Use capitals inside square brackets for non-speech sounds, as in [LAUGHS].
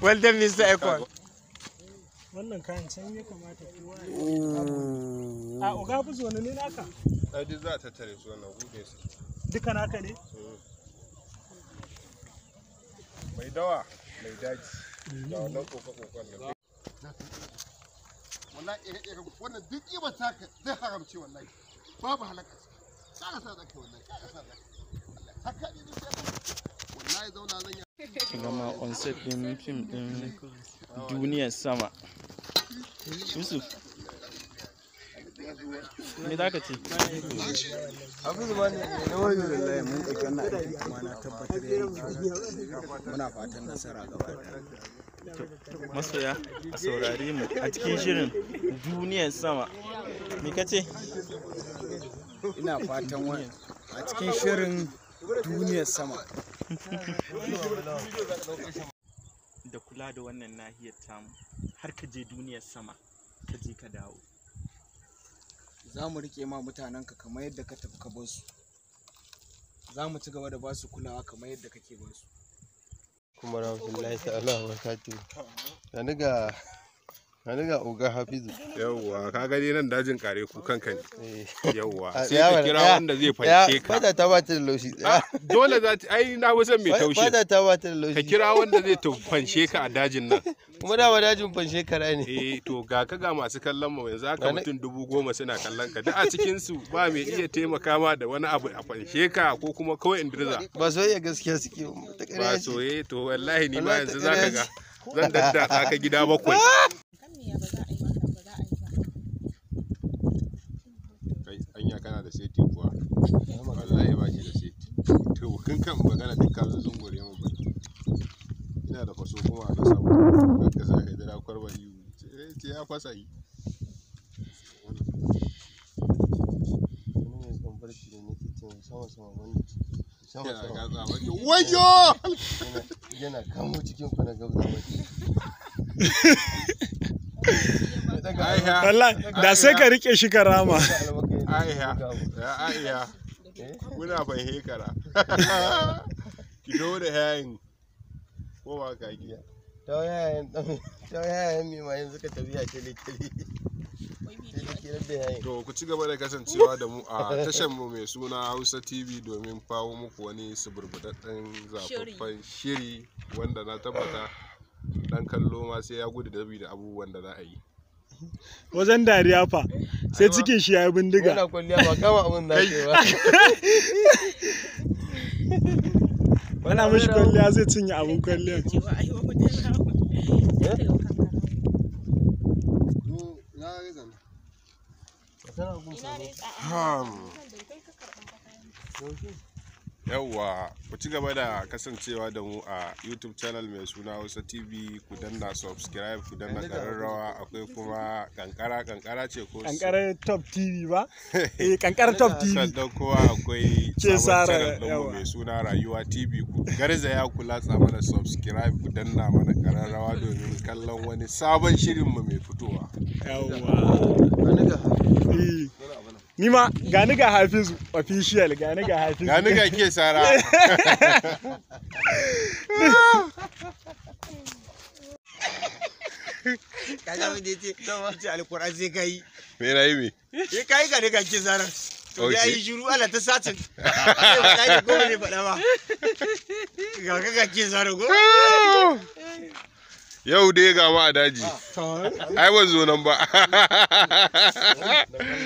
well done mr ekon wannan kayan can ya kamata kowa a oga buzo wani ne naka a duk za ta tare su wannan hude su duka naka ne mm. mai dawa mai daji da wannan kofa-kofan nan wannan duk ibar taka zai haramce wallahi babu halakar gama on set din fim din duniyar sama yusuf me za ka ce abu ne na wayo da layi mun ɗauki wannan aiki kuma na tabbatar da muna fatan nasara gaba masoya a saurari mu a cikin shirin duniyar sama me ka ce ina fatan wani a cikin shirin duniyar sama da kula da wannan nahiyar tamu har ka je duniyar sama ka je ka dawo za mu rike ma mutanenka kamar yadda ka tafi ka su za mu ci gaba da ba su kulawa kamar yadda kake ba su kuma laisa ta'ala wa barakatuh ga Wani ga Oga Hafizu. Yawwa, ka gani nan dajin kare ku kanka ne. Eh. Yawwa, sai ka kira wanda zai fanshe ka. Fada ta bata da laushi. [LAUGHS] Ah, dole za ta ai na fi son mai taushi. Fada ta bata da laushi. Ka kira wanda zai fanshe ka a dajin nan. Kuma da dajin fanshe kara ne. Eh, to ga ka ga masu kallon mu yanzu haka mutum dubu goma suna kallon ka. Duk a cikin su ba mai iya taimaka ma da wani abu a fanshe ka ko kuma kawai indirza. Ba soyayya gaskiya suke ba. Ba soyayya to wallahi ni ba yanzu zaka ga. Zan daddatsa ka gida bakwai. Ah! hanya kana da seti kuwa wallahi ba shi da seti to kun kan magana duk ka sun gure mu ba ina da faso kuma a kasa ku ka sa ka dira kwarba yi ce eh, ya fasa yi wayo yana kamo cikin ku na gauza wallahi da sai ka rike shi ka rama aiya ya aiya eh? muna bai hekara [LAUGHS] ki da yayin ko ba ka giya ta yayin ta yayin mi ma yanzu ka tafiya ke likiri To ku ci gaba da kasancewa da mu a tashar mu mai suna Hausa TV domin kawo muku wani suburbuɗaɗɗen zafaffan shiri wanda na tabbata dan kallo ma sai ya gudu da abubuwan da za a yi. wajen dariya fa sai cikin shi ya yi bindiga wana kwalliya mishi kwalliya zai cinye abin kwalliya Thank you. yauwa ku ci gaba da kasancewa da mu a youtube channel mai suna hausa tv ku danna subscribe ku danna kararrawa akwai kuma kankara kankara ce ko kankarar top tv ba [LAUGHS] eh kankarar top tv sannan kuma akwai [LAUGHS] sabon channel mu mai suna rayuwa tv ku garzaya ku latsa mana subscribe ku danna mana kararrawa domin kallon wani sabon shirin mu mai fitowa yauwa ni ma gani ga hafizu official gani ga hafizu gani ga ke sara ka ga mun dace ce alquran sai kai me rayi me eh kai ga ga ke sara to ya yi shiru ala ta satin ba kai goma ne faɗa ba ga ka ga ke sara go yau dai ga ma a daji ah, ai ban zo nan ba [LAUGHS]